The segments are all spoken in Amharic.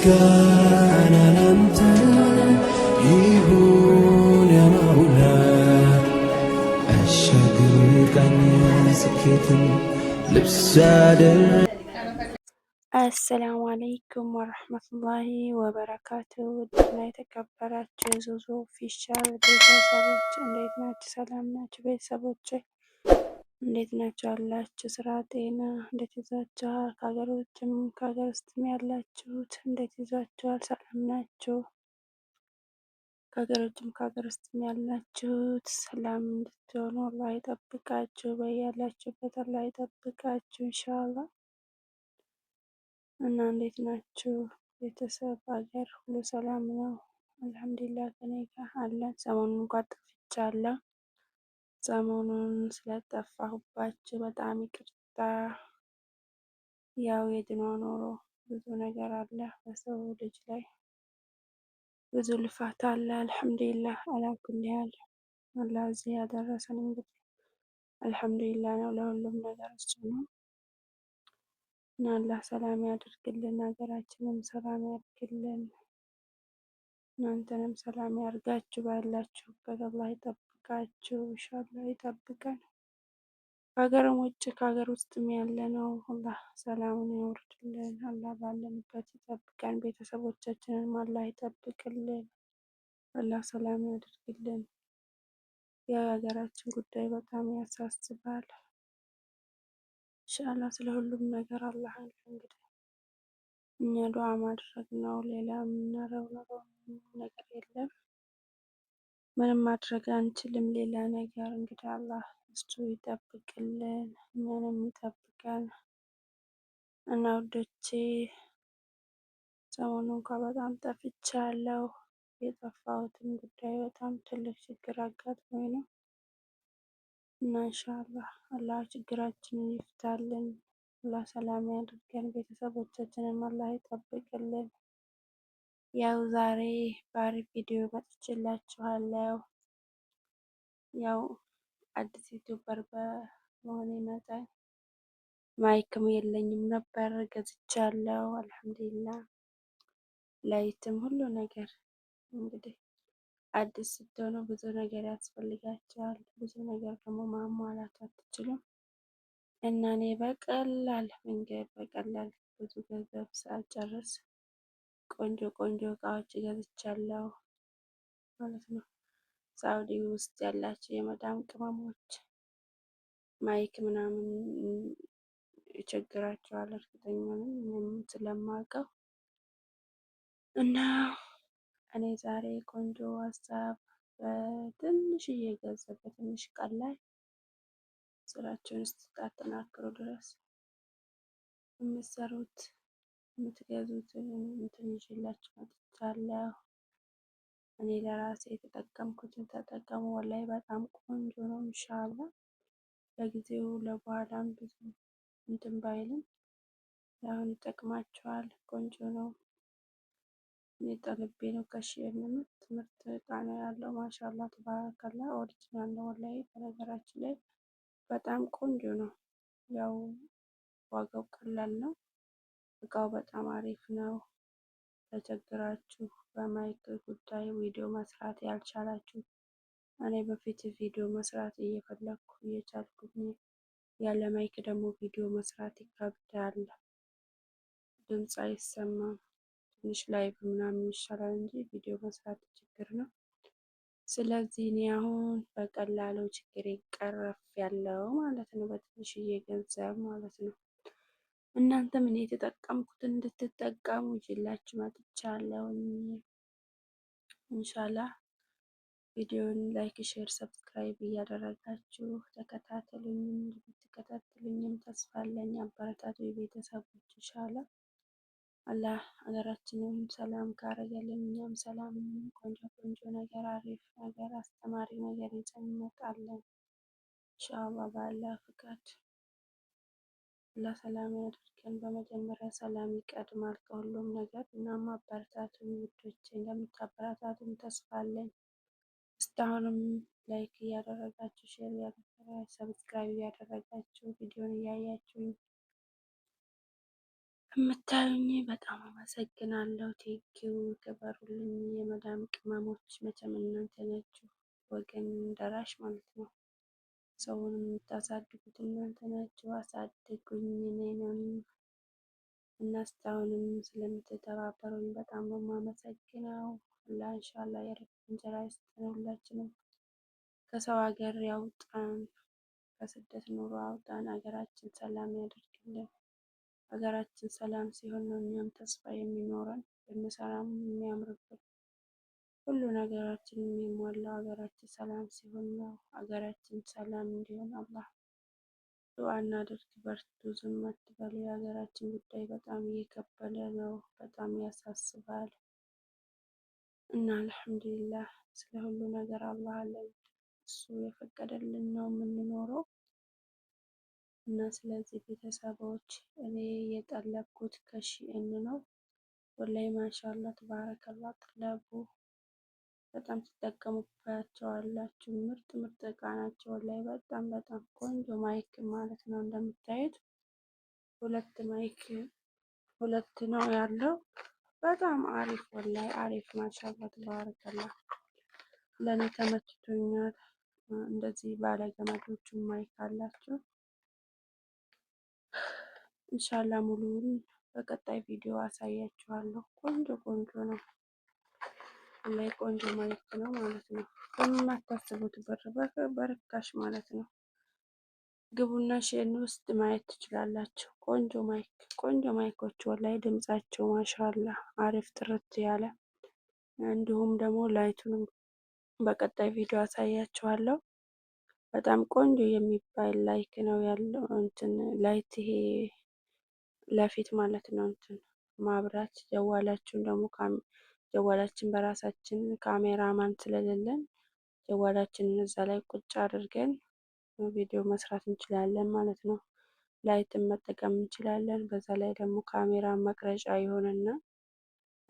ምስጋና ላንተ ይሁን ያማውላ አሻግር ቀና ስኬትን ልብሳደር አሰላሙ አለይኩም ወረህመቱላሂ ወበረካቱ። ውድና የተከበራችሁ የዞዞ ፊሻል ቤተሰቦች እንዴት ናችሁ? ሰላም ናችሁ ቤተሰቦች? እንዴት ናቸው ያላችሁ? ስራ ጤና እንዴት ይዟችኋል? ከሀገር ውጭም ከሀገር ውስጥም ያላችሁት እንዴት ይዟችኋል? ሰላም ናችሁ? ከሀገር ውጭም ከሀገር ውስጥም ያላችሁት ሰላም እንድትሆኑ አላህ ይጠብቃችሁ። በያላችሁበት አላህ ይጠብቃችሁ ኢንሻአላህ። እና እንዴት ናችሁ ቤተሰብ? ሀገር ሁሉ ሰላም ነው? አልሐምዱሊላህ ከኔ ጋር አለ። ሰሞኑን እንኳን ጠፍቻለሁ ሰሞኑን ስለጠፋሁባቸው በጣም ይቅርታ። ያው የድኖ ኖሮ ብዙ ነገር አለ በሰው ልጅ ላይ ብዙ ልፋት አለ። አልሐምዱሊላህ አላኩልያል አላ እዚህ ያደረሰን እንግዲህ አልሐምዱሊላ ነው ለሁሉም ነገር እሱ ነው እና አላህ ሰላም ያድርግልን፣ ሀገራችንም ሰላም ያድርግልን። እናንተንም ሰላም ያርጋችሁ። ባላችሁበት አላህ ይጠብቃችሁ። ኢንሻአላህ ይጠብቀን። ከሀገርም ውጭ ከሀገር ውስጥም ያለ ነው አላህ ሰላሙን ያውርድልን። አላህ ባለንበት ይጠብቀን። ቤተሰቦቻችንንም አላህ ይጠብቅልን። አላህ ሰላም ያድርግልን። የሀገራችን ጉዳይ በጣም ያሳስባል። ኢንሻአላህ ስለ ሁሉም ነገር አላህ እንግዲህ እኛ ዱዓ ማድረግ ነው። ሌላ የምናረው ነገር የለም። ምንም ማድረግ አንችልም። ሌላ ነገር እንግዲህ አላህ እሱ ይጠብቅልን፣ እኛንም ይጠብቀን እና ውዶቼ ሰሞኑን እንኳ በጣም ጠፍቻለሁ። የጠፋሁትን ጉዳይ በጣም ትልቅ ችግር አጋጥሞኝ ነው እና ኢንሻአላህ አላህ ችግራችንን ይፍታልን። አላህ ሰላም ያድርገን፣ ቤተሰቦቻችንን አላህ ይጠብቅልን። ያው ዛሬ በአሪፍ ቪዲዮ መጥቼላችኋለሁ። ያው አዲስ ዩቱበር በመሆኔ መጠን ማይክም የለኝም ነበር፣ ገዝቻለሁ። አልሐምዱሊላህ ላይትም ሁሉ ነገር እንግዲህ አዲስ ስትሆኑ ብዙ ነገር ያስፈልጋቸዋል። ብዙ ነገር ደግሞ ማሟላት አትችሉም። እና እኔ በቀላል መንገድ በቀላል ብዙ ገንዘብ ሳልጨርስ ቆንጆ ቆንጆ እቃዎች ገዝቻለሁ ማለት ነው። ሳውዲ ውስጥ ያላቸው የመዳም ቅመሞች ማይክ ምናምን ይቸግራቸዋል እርግጠኛ ነኝ ስለማውቀው እና እኔ ዛሬ ቆንጆ ሀሳብ በትንሽዬ ገንዘብ በትንሽ ቃል ላይ ስራችሁን እስክታጠናክሩ ድረስ የምትሰሩት የምትገዙት እንትን ይዤላችሁ መጥቻለሁ። እኔ ለራሴ የተጠቀምኩትን ተጠቀሙ። ወላይ በጣም ቆንጆ ነው። ኢንሻአላ ለጊዜው ለበኋላም ብዙ እንትን ባይልም አሁን ይጠቅማቸዋል። ቆንጆ ነው። እኔ ጠልቤ ነው ከሺ ምርት ምርት ጣና ያለው ማሻላ ተባረከላ ኦሪጅናል ነው። ወላይ በነገራችን ላይ በጣም ቆንጆ ነው። ያው ዋጋው ቀላል ነው። እቃው በጣም አሪፍ ነው። ለቸግራችሁ በማይክ ጉዳይ ቪዲዮ መስራት ያልቻላችሁ እኔ በፊት ቪዲዮ መስራት እየፈለግኩ እየቻልኩኝ ያለ ማይክ ደግሞ ቪዲዮ መስራት ይከብዳል። ድምፅ አይሰማም። ትንሽ ላይቭ ምናምን ይሻላል እንጂ ቪዲዮ መስራት ችግር ነው። ስለዚህ እኔ አሁን በቀላሉ ችግር ቀረፍ ያለው ማለት ነው፣ በትንሽዬ ገንዘብ ማለት ነው። እናንተም እኔ የተጠቀምኩትን እንድትጠቀሙ ይችላችሁ መጥቻለሁ። እንሻላ ቪዲዮን ላይክ፣ ሼር፣ ሰብስክራይብ እያደረጋችሁ ተከታተሉኝ። እንድትከታተሉኝም ተስፋ አለኝ። አበረታቱ ቤተሰቦች ይሻላል። አላህ ሀገራችንን ሰላም ካረገልን እኛም ሰላም ቆንጆ ቆንጆ ነገር አሪፍ ነገር አስተማሪ ነገር ይዘን እንመጣለን። ኢንሻአላህ በአላህ ፍቃድ አላህ ሰላም ያድርገን። በመጀመሪያ ሰላም ይቀድማል ከሁሉም ነገር። እናም አበረታቱን ውዶች፣ እንደምታበረታቱን ተስፋ አለኝ። እስካሁንም ላይክ እያደረጋችሁ ሼር እያደረጋችሁ ሰብስክራይብ እያደረጋችሁ ቪዲዮን እያያችሁ የምታዩኝ በጣም አመሰግናለሁ። ቴንኪው ክበሩልኝ። የመዳም ቅመሞች መቼም እናንተ ናችሁ፣ ወገን ደራሽ ማለት ነው። ሰውን የምታሳድጉት እናንተ ናችሁ። አሳድጉኝ እኔንም እና እስካሁንም ስለምትተባበሩኝ በጣም ነው የማመሰግነው። ሁላ እንሻላ የረፍት እንጀራ ይስጠን። ሁላችንም ከሰው ሀገር ያውጣን፣ ከስደት ኑሮ አውጣን። ሀገራችን ሰላም ያደርግልን። ሀገራችን ሰላም ሲሆን ነው እኛም ተስፋ የሚኖረን ብንሰራም የሚያምርብን ሁሉ ነገራችን የሚሟላው ሀገራችን ሰላም ሲሆን ነው። ሀገራችን ሰላም እንዲሆን አላህ ዱዓ እናድርግ። በርቱ፣ ዝም አትበሉ። የሀገራችን ጉዳይ በጣም እየከበደ ነው፣ በጣም ያሳስባል እና አልሐምዱሊላህ ስለ ሁሉ ነገር አላህ አለ። እሱ የፈቀደልን ነው የምንኖረው። እና ስለዚህ ቤተሰቦች እኔ የጠለብኩት ከሺኤን ነው። ወላሂ ማሻላ ተባረከላ ጥለቡ በጣም ትጠቀሙባቸዋላችሁ። ምርጥ ምርጥ እቃ ናቸው። ወላሂ በጣም በጣም ቆንጆ ማይክ ማለት ነው። እንደምታዩት ሁለት ማይክ ሁለት ነው ያለው። በጣም አሪፍ ወላይ አሪፍ ማሻላ ተባረከላ። ለእኔ ተመችቶኛል። እንደዚህ ባለገመዶቹ ማይክ አላቸው። እንሻላ ሙሉውን በቀጣይ ቪዲዮ አሳያችኋለሁ። ቆንጆ ቆንጆ ነው ላይ ቆንጆ ማለት ነው ማለት ነው። በማታስቡት ብር በርካሽ ማለት ነው። ግቡና ሼን ውስጥ ማየት ትችላላችሁ። ቆንጆ ማይክ ቆንጆ ማይኮች ወላይ ድምጻቸው ማሻላ አሪፍ ጥርት ያለ እንዲሁም ደግሞ ላይቱን በቀጣይ ቪዲዮ አሳያችኋለሁ። በጣም ቆንጆ የሚባል ላይክ ነው ያለው እንትን ላይት ይሄ ለፊት ማለት ነው እንትን ማብራት ጀዋላችን ደግሞ ጀዋላችን በራሳችን ካሜራማን ስለሌለን ጀዋላችንን እዛ ላይ ቁጭ አድርገን ቪዲዮ መስራት እንችላለን ማለት ነው። ላይትን መጠቀም እንችላለን። በዛ ላይ ደግሞ ካሜራ መቅረጫ የሆነ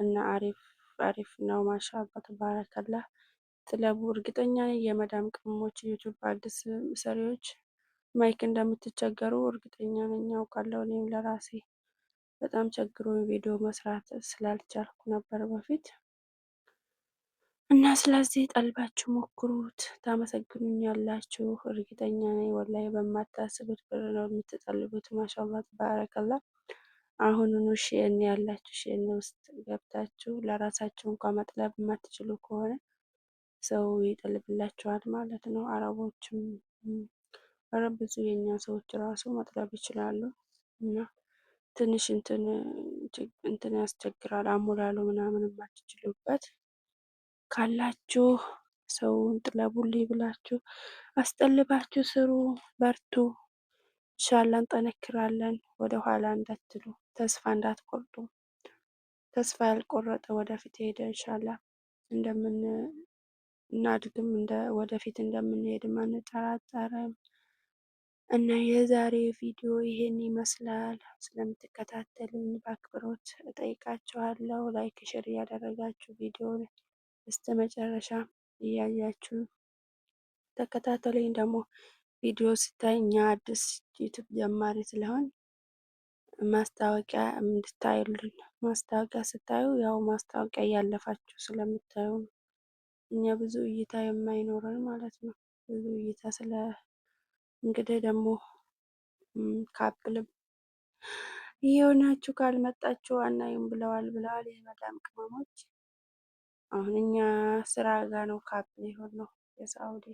እና አሪፍ አሪፍ ነው። ማሻ አባት ባረከላ እርግጠኛ የመዳም ቅመሞች ዩቱብ አዲስ ሰሪዎች ማይክ እንደምትቸገሩ እርግጠኛ ነኝ አውቃለሁ። እኔም ለራሴ በጣም ቸግሮኝ ቪዲዮ መስራት ስላልቻልኩ ነበር በፊት እና ስለዚህ ጠልባችሁ ሞክሩት፣ ታመሰግኑኛላችሁ። እርግጠኛ ነኝ ወላሂ በማታስቡት ብር ነው የምትጠልቡት። ማሻላ ተባረከላ። አሁኑኑ ሼን ያላችሁ ሼን ውስጥ ገብታችሁ ለራሳችሁ እንኳ መጥለብ የማትችሉ ከሆነ ሰው ይጠልብላችኋል ማለት ነው አረቦችም ኧረ ብዙ የኛ ሰዎች ራሱ መጥለብ ይችላሉ። እና ትንሽ እንትን ያስቸግራል። አሞላሉ ምናምን የማትችሉበት ካላችሁ ሰውን ጥለቡልኝ ብላችሁ አስጠልባችሁ ስሩ። በርቱ። እንሻላ እንጠነክራለን። ወደ ኋላ እንዳትሉ፣ ተስፋ እንዳትቆርጡ። ተስፋ ያልቆረጠ ወደፊት ሄደ እንሻላ እንደምን እናድግም ወደፊት እንደምንሄድም አንጠራጠርም። እና የዛሬ ቪዲዮ ይሄን ይመስላል። ስለምትከታተሉኝ በአክብሮት እጠይቃችኋለሁ። ላይክ፣ ሼር እያደረጋችሁ ቪዲዮ እስከ መጨረሻ እያያችሁ ተከታተሉኝ። ደግሞ ቪዲዮ ስታይ እኛ አዲስ ዩቱብ ጀማሪ ስለሆን ማስታወቂያ እንድታዩልን ማስታወቂያ ስታዩ ያው ማስታወቂያ እያለፋችሁ ስለምታዩ ነው። እኛ ብዙ እይታ የማይኖረን ማለት ነው ብዙ እይታ ስለ እንግዲህ ደግሞ ካፕልም የሆናችሁ ካልመጣችሁ አናይም ብለዋል ብለዋል የመዳም ቅመሞች። አሁን እኛ ስራ ጋ ነው ካፕል የሆን ነው የሳውዲ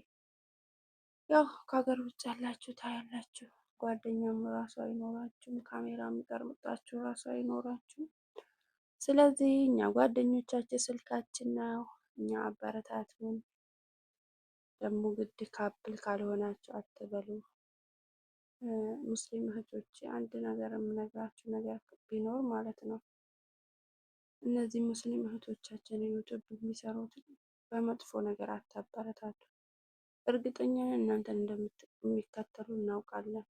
ያው ከሀገር ውጭ ያላችሁ ታያላችሁ። ጓደኛም ራሱ አይኖራችሁም፣ ካሜራ የሚቀርምጣችሁ ራሱ አይኖራችሁም። ስለዚህ እኛ ጓደኞቻችን ስልካችን ነው እኛ አበረታትን ደግሞ ግድ ካፕል ካልሆናችሁ አትበሉ። ሙስሊም እህቶች አንድ ነገር የምነግራችሁ ነገር ቢኖር ማለት ነው እነዚህ ሙስሊም እህቶቻችን ዩቱብ የሚሰሩት በመጥፎ ነገር አታበረታቱ። እርግጠኛ ነን እናንተን እንደሚከተሉ እናውቃለን።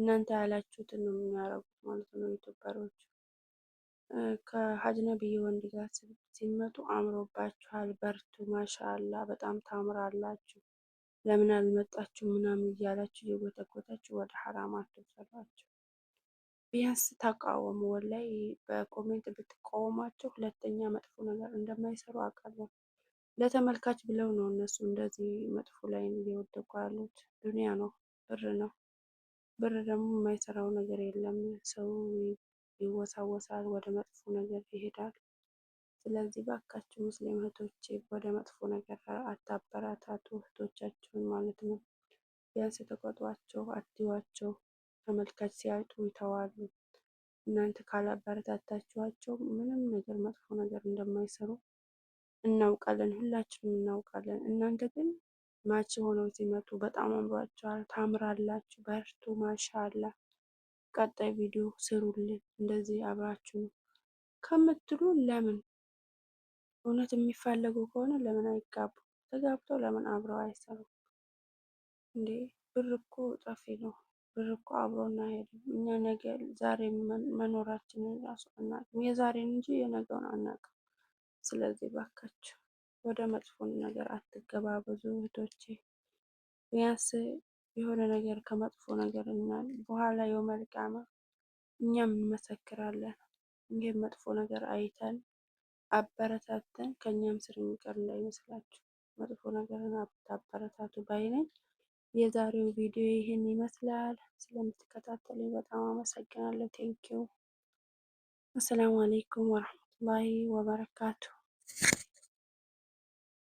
እናንተ ያላችሁትን ነው የሚያደርጉት ማለት ነው ዩቱበሮች ከአጅነቢ ወንድ ጋር ሲመጡ አምሮባችኋል፣ በርቱ፣ ማሻላ በጣም ታምራላችሁ፣ ለምን አልመጣችሁ ምናምን እያላችሁ እየጎተጎታችሁ ወደ ሐራም አትውሰዷቸው። ቢያንስ ተቃወሙ። ወላይ በኮሜንት ብትቃወሟቸው ሁለተኛ መጥፎ ነገር እንደማይሰሩ አውቃለሁ። ለተመልካች ብለው ነው እነሱ እንደዚህ መጥፎ ላይ እየወደቁ ያሉት። ዱንያ ነው፣ ብር ነው። ብር ደግሞ የማይሰራው ነገር የለም። ሰው ይወሳወሳል፣ ወደ መጥፎ ነገር ይሄዳል። ስለዚህ ባካችሁ ሙስሊም እህቶቼ ወደ መጥፎ ነገር አታበረታቱ እህቶቻችሁን ማለት ነው። ቢያንስ ተቆጧቸው፣ አትዩዋቸው። ተመልካች ሲያጡ ይተዋሉ። እናንተ ካላበረታታችኋቸው ምንም ነገር መጥፎ ነገር እንደማይሰሩ እናውቃለን፣ ሁላችንም እናውቃለን። እናንተ ግን ማች ሆነው ሲመጡ በጣም አምሯቸዋል፣ ታምራላችሁ፣ በርቱ፣ ማሻላ ቀጣይ ቪዲዮ ስሩልን እንደዚህ አብራችሁ ከምትሉ ለምን እውነት የሚፈለጉ ከሆነ ለምን አይጋቡ? ተጋብተው ለምን አብረው አይሰሩ? እንዴ ብር እኮ ጠፊ ነው። ብር እኮ አብሮን አይሄድም። እኛ ነገ ዛሬ መኖራችንን ራሱ አናውቅም። የዛሬን እንጂ የነገውን አናውቅም። ስለዚህ ባካችሁ ወደ መጥፎን ነገር አትገባበዙ እህቶቼ ቢያንስ የሆነ ነገር ከመጥፎ ነገር እና በኋላ የውመል ቂያማ እኛም እንመሰክራለን። ይህም መጥፎ ነገር አይተን አበረታተን ከእኛም ስር የሚቀር እንዳይመስላችሁ መጥፎ ነገርን አበረታቱ ባይነኝ። የዛሬው ቪዲዮ ይህን ይመስላል። ስለምትከታተሉ በጣም አመሰግናለሁ። ቴንኪው። አሰላሙ አሌይኩም ወረህመቱላሂ ወበረካቱሁ።